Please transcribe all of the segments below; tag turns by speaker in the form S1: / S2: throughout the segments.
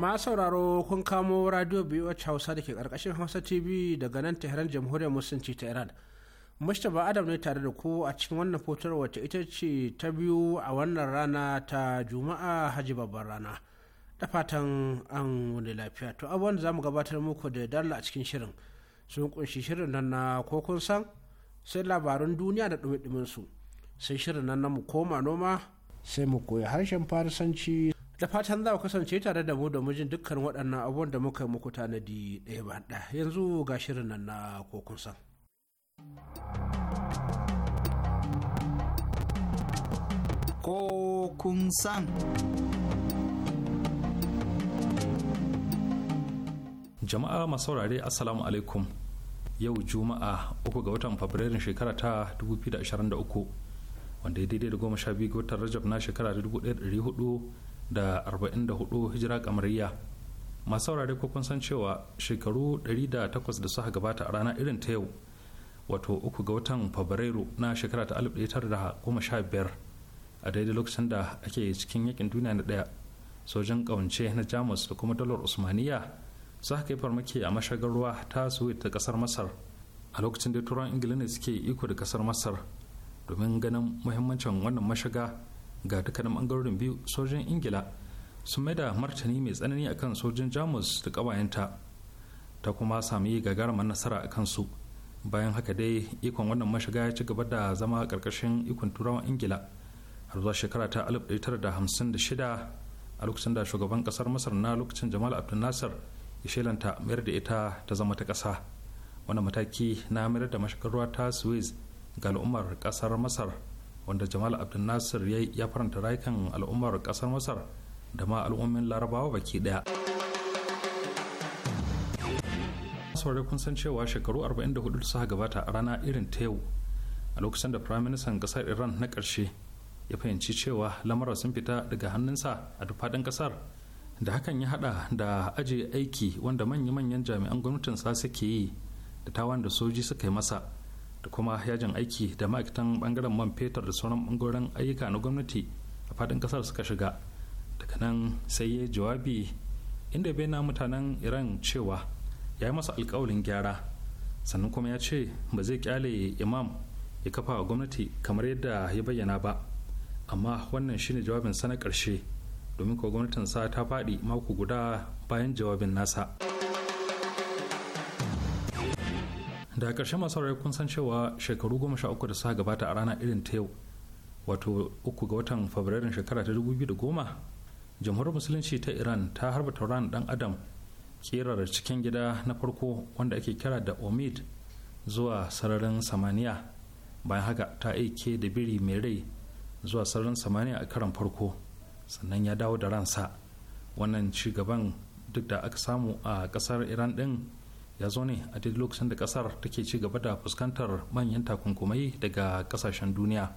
S1: ma sauraro kun kamo radio biyu hausa da ke karkashin hausa tv daga nan tehran jamhuriyar musulunci ta iran mustapha adam ne tare da ku a cikin wannan fotar wacce ita ce ta biyu a wannan rana ta juma'a haji babban rana da fatan an wani lafiya to abubuwan da za mu gabatar muku da dalla a cikin shirin sun kunshi shirin nan na ko kun san sai labarun duniya da dumi su sai shirin nan na mu koma noma sai mu koyi harshen farisanci da fatan za ku kasance tare da mu domin jin dukkan waɗannan abubuwan da muka muku tanadi ɗaya ba ɗaya yanzu ga shirin nan na kokun san.
S2: Kokun san. Jama'a masu saurare Assalamu alaikum yau Juma'a uku ga watan Fabrairun shekara ta 2023 wanda ya daidai da goma sha biyu ga watan Rajab na shekara ta 1400 da arba'in da 44 hijira kamariya masu saurari ko kun san cewa shekaru 108 da suka gabata a rana irin ta yau wato uku ga watan fabrairu na shekara ta alif da sha biyar a daidai lokacin da ake cikin yakin duniya na daya sojan kawance na jamus da kuma dalar usmaniya su haka yi farmaki a mashagar ruwa ta suwe ta kasar masar a lokacin da turan ingila ne suke iko da kasar masar domin ganin muhimmancin wannan mashiga ga dukkanin bangarorin biyu sojin ingila sun mai da martani mai tsanani akan sojin jamus da ƙawayenta ta kuma sami gagarumar nasara a kansu bayan haka dai ikon wannan mashiga ya ci gaba da zama karkashin ikon turawan ingila har zuwa shekara ta 1956 a lokacin da shugaban ƙasar masar na lokacin jamal abdul nasir ya shelanta mayar da ita ta zama ta ƙasa wani mataki na mayar da mashigar ruwa ta suez ga al'ummar ƙasar masar wanda jamal abdul nasir ya faranta rayukan al'ummar kasar masar da ma al'ummin larabawa baki daya sauri kun san cewa shekaru 44 suka gabata a rana irin ta yau a lokacin da firaministan kasar iran na karshe ya fahimci cewa lamura sun fita daga hannunsa a faɗin kasar da hakan ya hada da aje aiki wanda manya-manyan jami'an gwamnatin sa suke yi da tawan da soji suka yi masa da kuma yajin aiki da ma'aikatan bangaren man fetur da sauran bangaren ayyuka na gwamnati a fadin kasar suka shiga daga nan sai ya jawabi inda bai na mutanen iran cewa ya yi masa alkawalin gyara sannan kuma ya ce ba zai kyale imam ya kafa wa gwamnati kamar yadda ya bayyana ba amma wannan shine jawabin sa na karshe domin kuwa gwamnatin sa ta faɗi mako guda bayan jawabin nasa. da ƙarshe masu rarrai kun san cewa shekaru goma sha uku da suka gabata a rana irin ta yau wato uku ga watan fabrairun shekara ta dubu biyu da goma jamhuriyar musulunci ta iran ta harba tauran dan adam kerar cikin gida na farko wanda ake kira da omid zuwa sararin samaniya bayan haka ta aike da biri mai rai zuwa sararin samaniya a karan farko sannan ya dawo da ransa wannan ci gaban duk da aka samu a kasar iran din ya zo ne a duk lokacin da kasar take ci gaba da fuskantar manyan takunkumai daga kasashen duniya.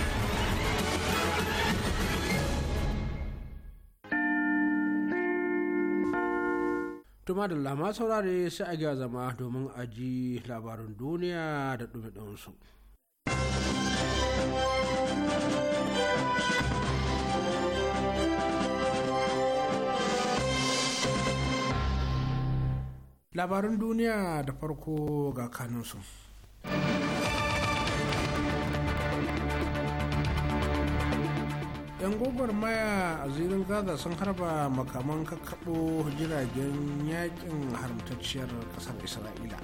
S1: ma da lama saurare sai a gya zama domin a ji labarin duniya da ɗumi-ɗuminsu. Labarin duniya da farko ga kanunsu. 'yan gwagwarmaya a zirin gaza sun harba makaman kakkaɓo jiragen yakin haramtacciyar ƙasar isra'ila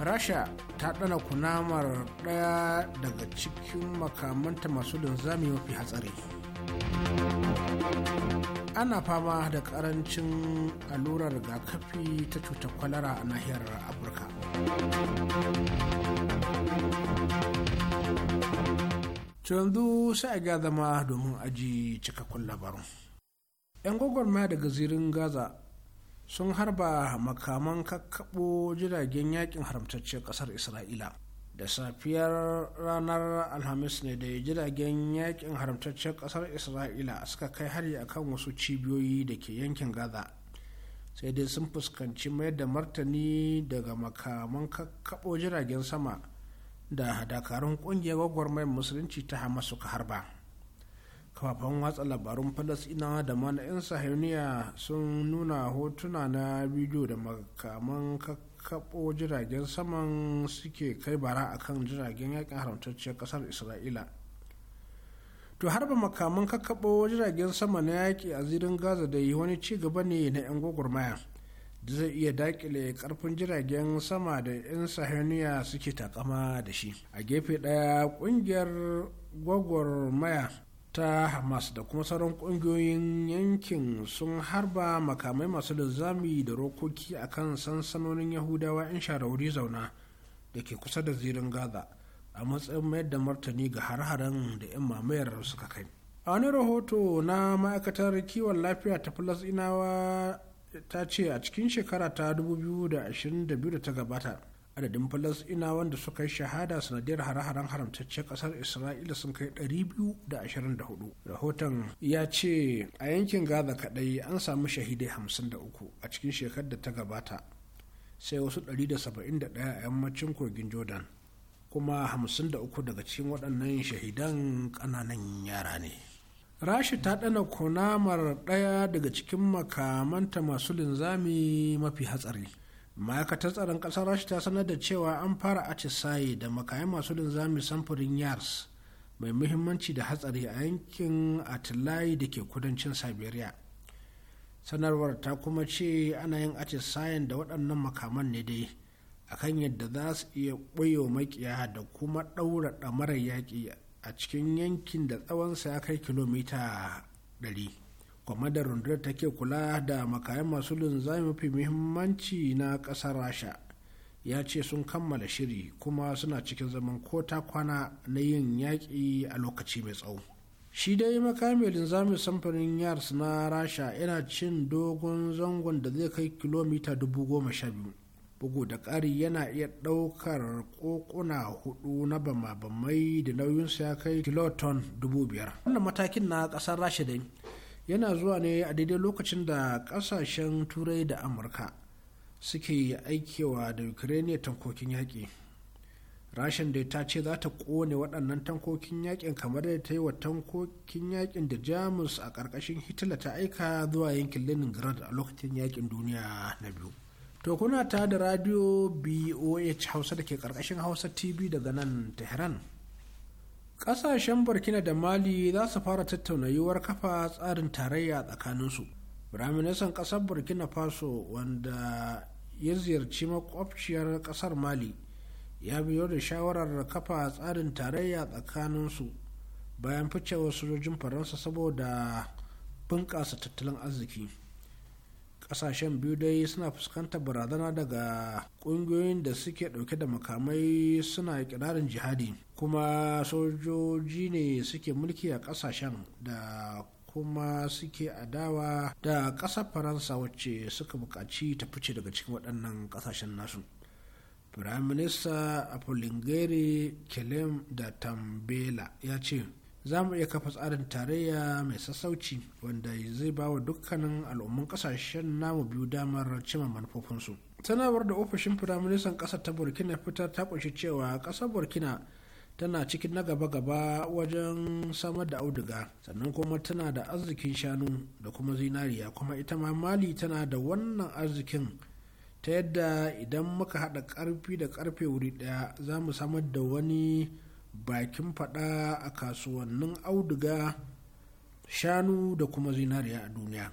S1: rasha ta ɗana kunamar ɗaya daga cikin makamanta masu linzami mafi hatsari ana fama da ƙarancin allurar rigakafi ta cutar kwalara a nahiyar afirka to yanzu sai a ga zama domin aji cikakkun labarin yan gwagwarmaya daga zirin gaza sun harba makaman kakkaɓo jiragen yakin haramtacce ƙasar isra'ila da safiyar ranar alhamis ne da jiragen yakin haramtaccen ƙasar isra'ila suka kai hari a kan wasu cibiyoyi da ke yankin gaza sai dai sun fuskanci mayar da martani daga makaman kakkaɓo jiragen sama da dakarun ƙungiyar gwagwarmayar musulunci ta hamas suka harba kafafen watsa labarun falasinawa da mana 'yan sahiyoniya sun nuna hotuna na bidiyo da makaman kakkaɓo jiragen saman suke kai bara akan jiragen yakin haramtacciyar ƙasar isra'ila to harba makaman kakkaɓo jiragen sama na yaƙi a zirin gaza da yi wani ci gaba ne na 'yan gwagwarmaya Da zai iya dakile karfin jiragen sama da 'yan sahaniya suke takama da shi a gefe ɗaya ƙungiyar gwagwarmaya ta hamas da kuma sauran ƙungiyoyin yankin sun harba makamai masu linzami da rokoki a kan sansanonin yahudawa 'yan sharauri zauna da ke kusa da zirin gaza a matsayin mayar da martani ga har-haren da 'yan mamayar suka kai a wani rahoto na ma'aikatar kiwon lafiya ta inawa. ta ce a cikin shekara ta 2022 da ta gabata adadin falasɗina wanda suka yi shahada sanadiyar hare-haren haramtaccen ƙasar isra'ila sun kai 224 rahoton ya ce a yankin gaza kaɗai an samu shahidai 53 a cikin shekarar da ta gabata sai wasu 171 a yammacin kogin jordan kuma 53 daga cikin waɗannan shahidan ƙananan yara ne rashi ta ɗana kunamar ɗaya daga cikin makamanta masu linzami mafi hatsari ma'aikatar tsaron ƙasar rashi ta sanar da cewa an fara atisaye da makayan masu linzami samfurin yars mai muhimmanci da hatsari a yankin atilayi da ke kudancin siberia sanarwar ta kuma ce ana yin atisayen da waɗannan makaman ne dai akan yadda za su iya ɓoye makiya da kuma ɗaura ɗamarar yaƙi a cikin yankin da tsawonsa ya kai kilomita 100 kwamadar rundunar take kula da makayan masu linzami mafi muhimmanci na ƙasar rasha ya ce sun kammala shiri kuma suna cikin zaman ko ta kwana na yin yaƙi a lokaci mai tsawo shi dai makamai linzami samfurin yars na rasha yana cin dogon zangon da zai kai kilomita dubu goma sha biyu bugu da ƙari yana iya ɗaukar ƙoƙuna hudu na bama-bamai da nauyinsa ya kai kiloton dubu biyar wannan matakin na ƙasar rasha dai yana zuwa ne a daidai lokacin da ƙasashen turai da amurka suke aikewa da ukraine tankokin yaƙi rashin dai ta ce za ta ƙone waɗannan tankokin yaƙin kamar da ta yi wa tankokin yaƙin da jamus a ƙarƙashin hitler ta aika zuwa yankin leningrad a lokacin yaƙin duniya na biyu To kuna ta da radio BOH Hausa da ke ƙarƙashin Hausa TV daga nan Tehran. Ƙasashen Burkina da Mali za su fara tattauna yiwuwar kafa tsarin tarayya tsakaninsu. Firaministan ƙasar Burkina Faso wanda ya ziyarci makwabciyar ƙasar Mali ya biyo da shawarar kafa tsarin tarayya tsakaninsu bayan ficewar sojojin Faransa saboda bunƙasa tattalin arziki. kasashen biyu dai suna fuskantar barazana daga kungiyoyin da suke dauke da makamai suna kirarin jihadi kuma sojoji ne suke mulki a kasashen da kuma suke adawa da ƙasar faransa wacce suka buƙaci ta fice daga cikin waɗannan ƙasashen nasu firaminista apollingeri kelem da tambela ya ce za mu iya kafa tsarin tarayya mai sassauci wanda zai ba wa dukkanin al'umman kasashen namu biyu damar cima manufofinsu sanarwar da ofishin firaministan ƙasar ta burkina fitar ta kunshi cewa ƙasar burkina tana cikin na gaba-gaba wajen samar da auduga sannan kuma tana da arzikin shanu da kuma zinariya kuma ita ma mali tana da wannan arzikin ta yadda idan muka haɗa ƙarfi da ƙarfe wuri ɗaya za mu samar da wani bakin fada a kasuwannin auduga shanu da kuma zinariya a duniya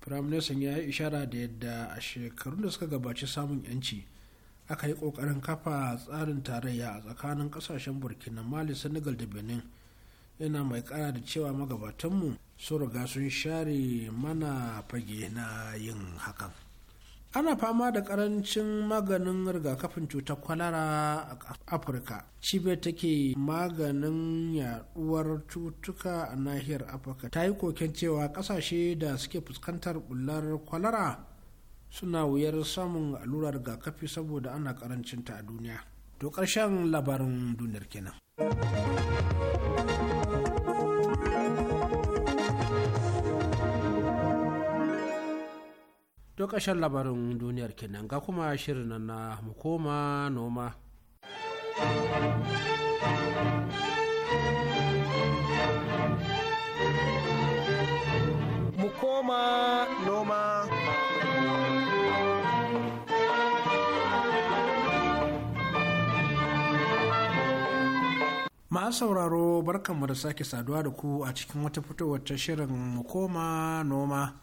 S1: firaministan ya yi ishara da yadda a shekarun da suka gabaci samun yanci aka yi kokarin kafa tsarin tarayya a tsakanin kasashen burkina mali senegal da benin yana mai kara da cewa magabatanmu sun riga sun share mana fage na yin hakan ana fama da karancin maganin rigakafin cutar kwalara a afirka cibiyar take maganin yaduwar cutuka a nahiyar afirka ta yi koken cewa kasashe da suke fuskantar bular kwalara suna wuyar samun allurar rigakafi saboda ana karancin a duniya to ƙarshen labarin duniyar kenan To kashar labarin duniyar kenan ga kuma shirin na mu koma noma. Mu
S3: noma.
S1: Ma'a sauraro barkanmu da sake saduwa da ku a cikin wata fito wata shirin mu noma.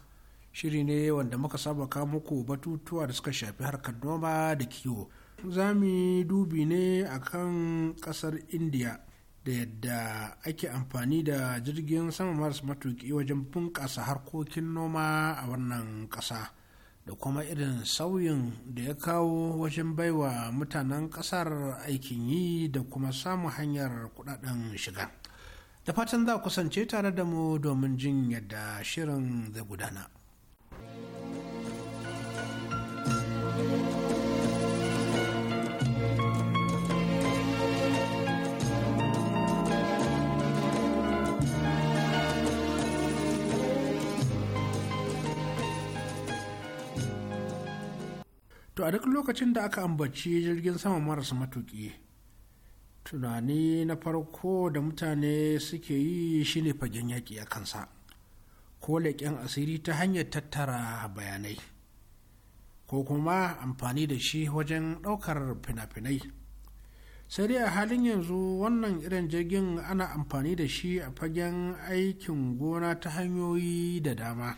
S1: shiri ne wanda muka saba ka muku batutuwa da suka shafi harkar noma da kiwo za mu dubi ne a kan ƙasar indiya da yadda ake amfani da jirgin sama maras matuki wajen bunƙasa harkokin noma a wannan ƙasa da kuma irin sauyin da ya kawo wajen baiwa mutanen ƙasar aikin yi da kuma samun hanyar kuɗaɗen shiga da fatan za kusance tare da mu domin jin yadda shirin zai gudana. to a duk lokacin da aka ambaci jirgin sama marasa matuƙi tunani na farko da mutane suke yi shine fagen yaƙi a kansa ko leƙen asiri ta hanyar tattara bayanai ko kuma amfani da shi wajen ɗaukar fina-finai sai dai a halin yanzu wannan irin jirgin ana amfani da shi a fagen aikin gona ta hanyoyi da dama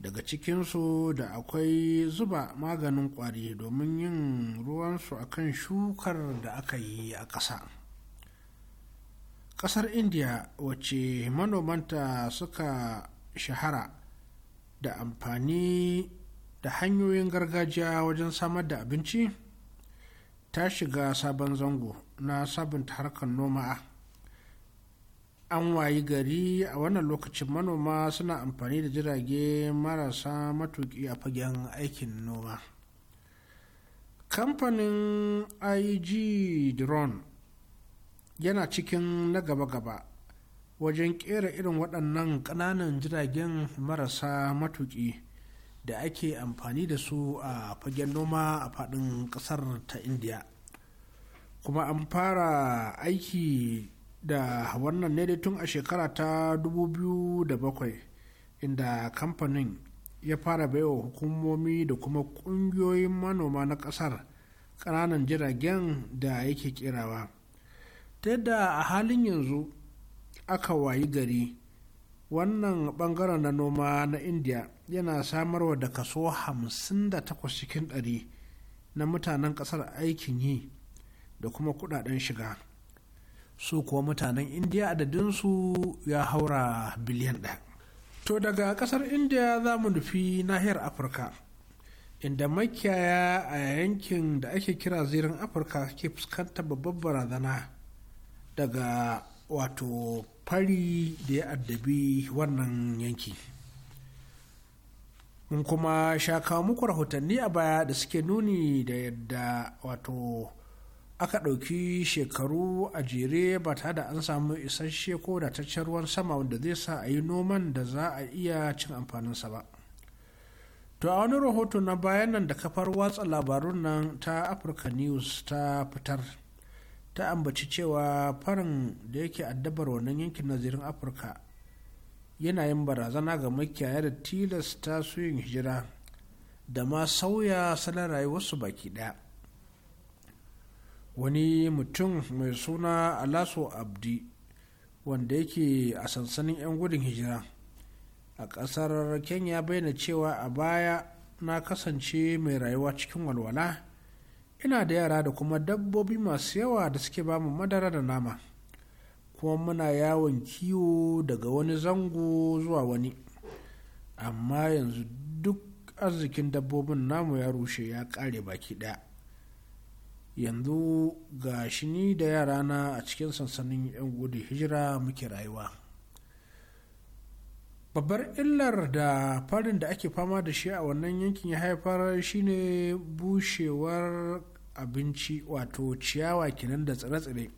S1: daga cikinsu da akwai zuba maganin kwari domin yin ruwansu a kan shukar da aka yi a ƙasa ƙasar india wacce manomanta suka shahara da amfani da hanyoyin gargajiya wajen samar da abinci ta shiga sabon zango na sabunta harkar noma an wayi gari a wannan lokacin manoma suna amfani da jirage marasa matuki a fagen aikin noma kamfanin ig drone yana cikin na gaba-gaba wajen kera irin waɗannan ƙananan jiragen marasa matuki da ake amfani da su a fagen noma a faɗin ƙasar ta indiya kuma an fara aiki da wannan ne dai tun a shekara ta 2007 inda kamfanin ya fara baiwa hukumomi da kuma kungiyoyin manoma na kasar kananan jiragen da yake kerawa ta yadda a halin yanzu aka wayi gari wannan bangaren na noma na india yana samarwa da kaso 58 cikin 100 na mutanen kasar aikin yi da kuma kudaden shiga su kuwa mutanen indiya adadinsu ya haura biliyan ɗaya to daga ƙasar indiya za mu nufi nahiyar afirka inda makiyaya a yankin da ake kira zirin afirka ke fuskantar babbar barazana daga wato fari da ya addabi wannan yanki mun kuma sha kawo muku rahotanni a baya da suke nuni da yadda wato aka ɗauki shekaru a jere ba tare da an samu isasshe ko dataccen ruwan sama wanda zai sa a yi noman da za a iya cin amfaninsa ba to a wani rahoto na bayan nan da kafar watsa labarun nan ta africa news ta fitar ta ambaci cewa farin da yake addabar wannan yankin nazirin afirka yana yin barazana ga makiyaya da tilasta su hijira da ma sauya salon rayuwarsu baki ɗaya wani mutum mai suna alaso abdi wanda yake a sansanin 'yan gudun hijira a ƙasar kenya bayyana cewa a baya na kasance mai rayuwa cikin walwala ina da yara da kuma dabbobi masu yawa da suke bamu madara da nama kuma muna yawon kiwo daga wani zango zuwa wani amma yanzu duk arzikin dabbobin namu ya rushe ya kare baki ɗaya yanzu ga shi ni da yarana a cikin sansanin 'yan gudun hijira muke rayuwa babbar illar da farin da ake fama da shi a wannan yankin ya haifar shine bushewar abinci wato ciyawa kenan da tsire-tsire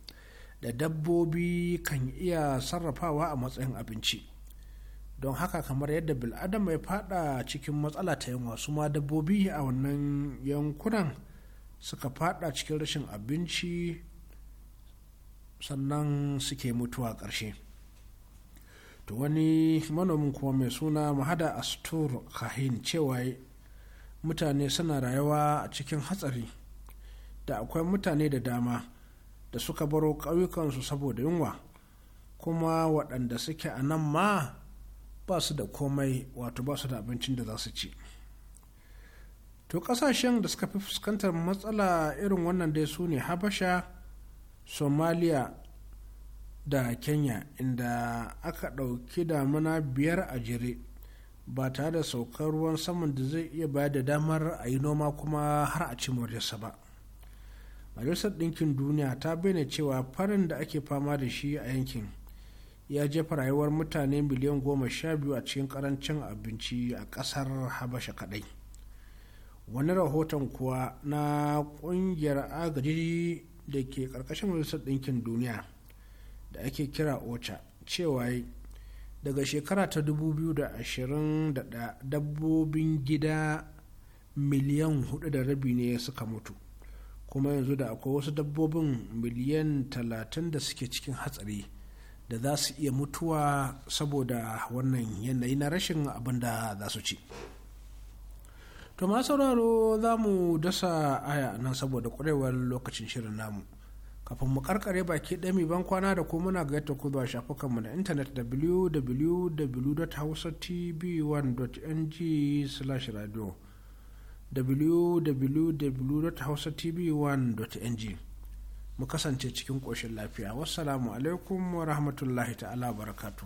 S1: da dabbobi kan iya sarrafawa a matsayin abinci don haka kamar yadda bil'adama ya fada cikin matsala ta yin su ma dabbobi a wannan yankunan suka fada cikin rashin abinci sannan suke mutuwa ƙarshe to wani manomin kuma mai suna mahada astur kahin cewa mutane suna rayuwa a cikin hatsari da akwai mutane da dama da suka baro ƙauyukansu saboda yunwa kuma waɗanda suke a nan ma ba su da komai wato ba su da abincin da za su ci to kasashen da suka fi fuskantar matsala irin wannan dai su ne habasha somalia da kenya inda aka ɗauki damuna biyar a jere ba tare da saukar ruwan saman da zai iya bayar da damar a yi noma kuma har a ci moriyarsa ba majalisar ɗinkin duniya ta bayyana cewa farin da ake fama da shi a yankin ya jefa rayuwar mutane miliyan goma sha biyu a cikin karancin abinci a ƙasar habasha kaɗai wani rahoton kuwa na kungiyar agaji da ke karkashin majalisar ɗinkin duniya da ake kira ocha cewa daga shekara ta 2021 dabbobin gida miliyan hudu da rabi ne suka mutu kuma yanzu da akwai wasu dabbobin miliyan talatin da suke cikin hatsari da za su iya mutuwa saboda wannan yanayi na rashin abin da za su ci. to ma sauraro za mu dasa aya nan saboda kwarewar lokacin shirin namu kafin mu karkare baki ɗami ban kwana da ko muna ga yadda ko zuwa shafukanmu na intanet www.hausatv1.ng/radio www.hausatv1.ng mu kasance cikin ƙoshin lafiya wassalamu alaikum wa rahmatullahi ta'ala barakatu.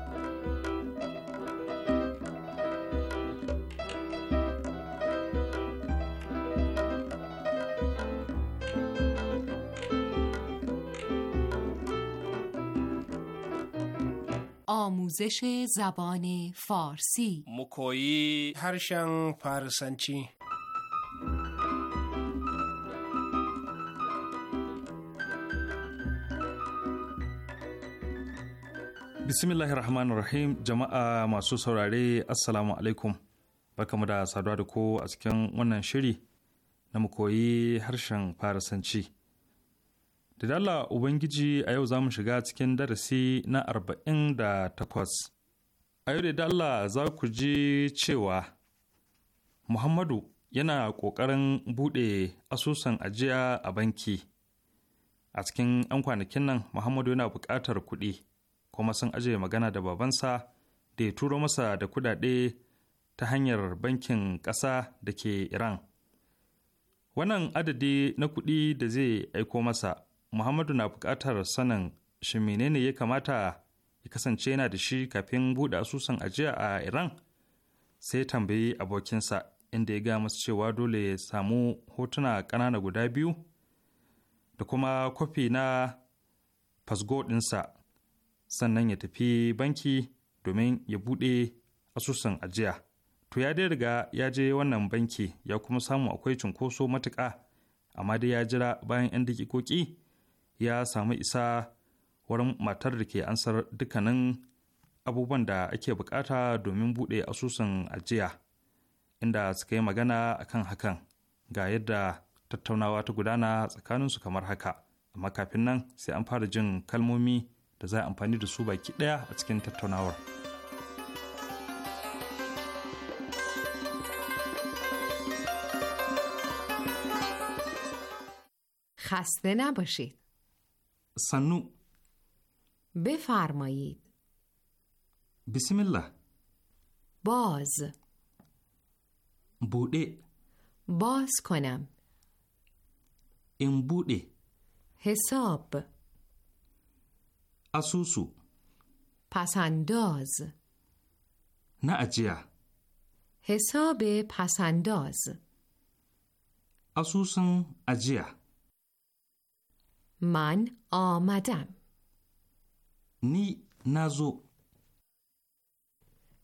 S4: آموزش زبان فارسی
S1: مکویی هرشن فارسنچی
S2: bismillahir rahmanir rahim jama'a masu saurare assalamu alaikum barkamu da saduwa da ko a cikin wannan shiri na mu koyi harshen farasanci Da dala Ubangiji a yau za mu shiga cikin darasi na arba'in da takwas. A yau da dala za ku ji cewa Muhammadu yana ƙoƙarin buɗe asusun ajiya a banki. A cikin 'yan kwanakin nan Muhammadu yana buƙatar kuɗi, kuma sun ajiye magana da babansa da ya turo masa da kuɗaɗe ta hanyar bankin ƙasa da ke Iran. Wannan adadi na kuɗi da zai aiko masa muhammadu na buƙatar sanin shi menene ya kamata ya kasance yana da shi kafin buɗe asusun ajiya a iran sai tambayi abokinsa inda ya ga masu cewa dole ya samu hotuna ƙanana guda biyu da kuma kwafi na fasgo ɗinsa sannan ya tafi banki domin ya buɗe asusun ajiya to ya dai riga ya je wannan banki ya kuma samu akwai cunkoso matuƙa amma dai ya jira bayan 'yan dakikoki ya samu isa wurin matar da ke ansar dukkanin abubuwan da ake bukata domin bude asusun ajiya inda suka yi magana akan hakan ga yadda tattaunawa ta gudana tsakaninsu kamar haka amma kafin nan sai an fara jin kalmomi da za a amfani da su baki ɗaya a cikin tattaunawar.
S4: خسته نباشید. سنو بفرمایید بسم الله باز بوده باز کنم
S2: این بوده
S4: حساب اسوسو پسنداز
S2: نه اجیا
S4: حساب پسنداز اسوسن اجیا من آمدم
S2: نی نزو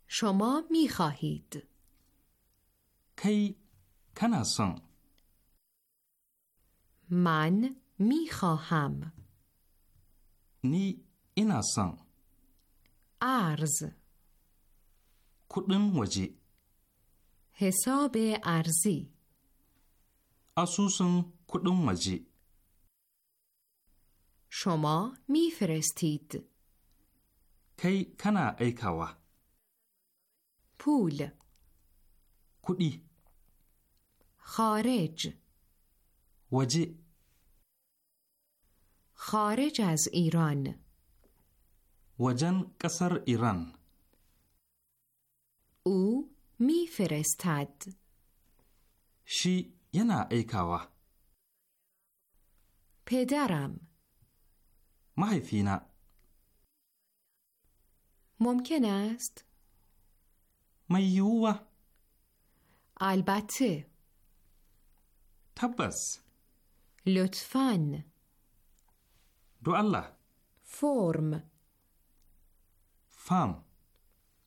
S4: شما می خواهید کی کناسان من می خواهم
S2: نی ایناسان
S4: ارز
S2: کدن وجه
S4: حساب ارزی
S2: اسوسن کدن وجی شما میفرستید کی کنا ایکاوا
S4: پول کودی خارج وجه خارج از ایران
S2: وجن کسر ایران
S4: او میفرستد
S2: شی ینا ایکاوا
S4: پدرم
S2: مهفینا
S4: ممکن است
S2: میوه
S4: البته
S2: تبس
S4: لطفا دو الله فرم فام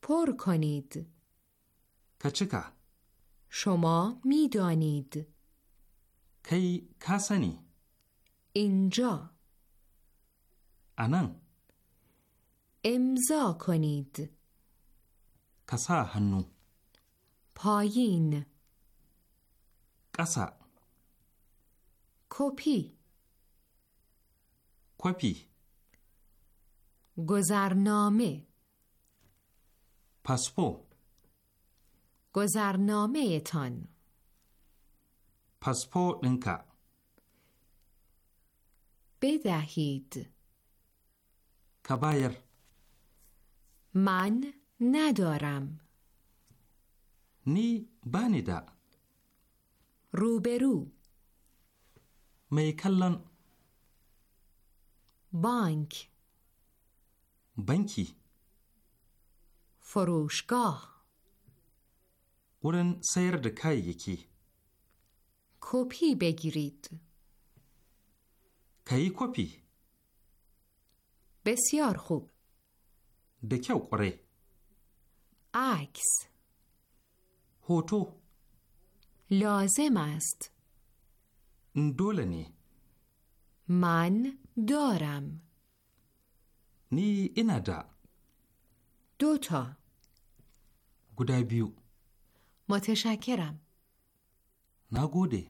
S4: پر کنید کچکا شما میدانید کی کسنی اینجا انن امضا کنید
S2: کسا هنو
S4: پایین کسا کپی کپی گذرنامه پسپو گذرنامه تان
S2: پسپو لنکا
S4: بدهید ka bayar man nadaram
S2: ni bani da
S4: روبرو mai kallon بانک بانکی فروشگاه
S2: ورن سیر دکای یکی
S4: کپی بگیرید کی کپی بسیار خوب
S2: دکه کیو قره
S4: عکس هوتو لازم است دولنی من دارم
S2: نی اینا دا دوتا گودای بیو
S4: متشکرم
S2: نگوده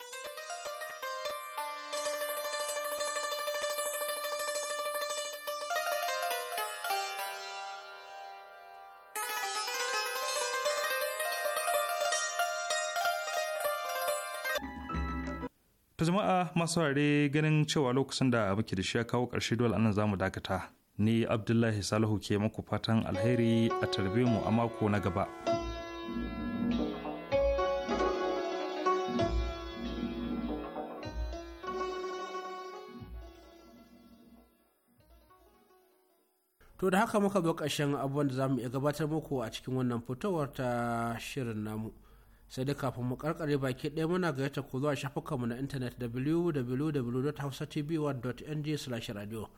S2: ta jama'a masu ware ganin cewa lokacin da muke da shi ya kawo ƙarshe dole anan zamu dakata ni abdullahi salihu ke muku fatan alheri a tarbe mu a mako na gaba.
S1: To da haka muka zo ƙarshen abubuwan da za mu iya gabatar muku a cikin wannan fitowar ta shirin namu. sai dai kafin mu karkare baki ɗaya muna gayyata ku zuwa shafukanmu na intanet www.hausatv1.ng/radio